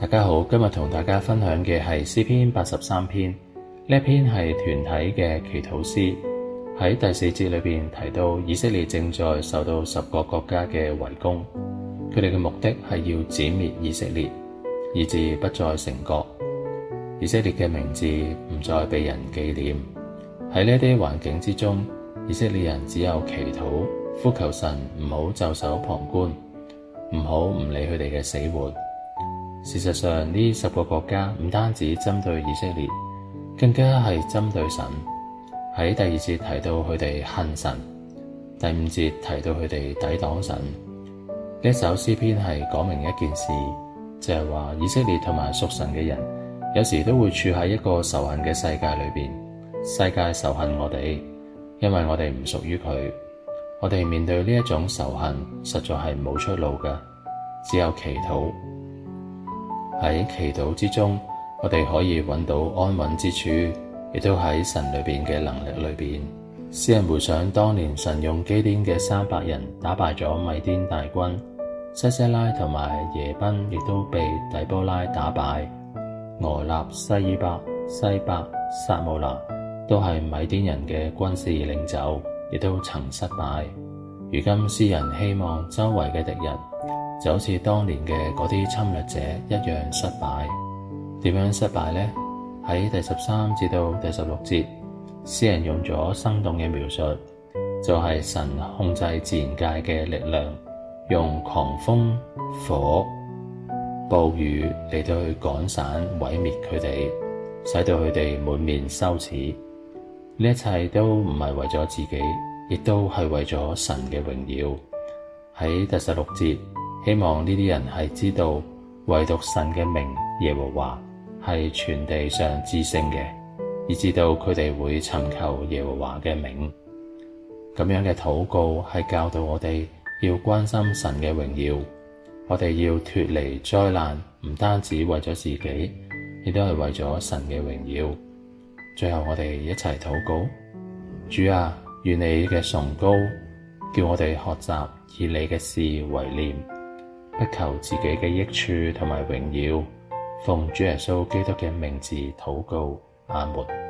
大家好，今日同大家分享嘅係詩篇八十三篇，呢篇係團體嘅祈禱詩。喺第四節裏邊提到，以色列正在受到十個國家嘅圍攻，佢哋嘅目的係要剪滅以色列，以致不再成國。以色列嘅名字唔再被人紀念。喺呢啲環境之中，以色列人只有祈禱，呼求神唔好袖手旁觀，唔好唔理佢哋嘅死活。事實上呢十個國家唔單止針對以色列，更加係針對神。喺第二節提到佢哋恨神，第五節提到佢哋抵擋神。呢首詩篇係講明一件事，就係話以色列同埋屬神嘅人，有時都會處喺一個仇恨嘅世界裏邊。世界仇恨我哋，因為我哋唔屬於佢。我哋面對呢一種仇恨，實在係冇出路㗎，只有祈禱。喺祈禱之中，我哋可以揾到安穩之處，亦都喺神裏邊嘅能力裏邊。詩人回想當年神用基甸嘅三百人打敗咗米甸大軍，西西拉同埋耶賓亦都被底波拉打敗，俄立西白、西伊伯、西巴、撒慕拿都係米甸人嘅軍事領袖，亦都曾失敗。如今詩人希望周圍嘅敵人就好似當年嘅嗰啲侵略者一樣失敗。點樣失敗咧？喺第十三至到第十六節，詩人用咗生動嘅描述，就係神控制自然界嘅力量，用狂風、火、暴雨嚟到去趕散、毀滅佢哋，使到佢哋滿面羞恥。呢一切都唔係為咗自己。亦都係為咗神嘅榮耀。喺第十六節，希望呢啲人係知道，唯獨神嘅名耶和華係全地上至高嘅，以至到佢哋會尋求耶和華嘅名。咁樣嘅禱告係教導我哋要關心神嘅榮耀，我哋要脫離災難，唔單止為咗自己，亦都係為咗神嘅榮耀。最後我哋一齊禱告：主啊！願你嘅崇高，叫我哋學習以你嘅事為念，不求自己嘅益處同埋榮耀，奉主耶穌基督嘅名字禱告，阿門。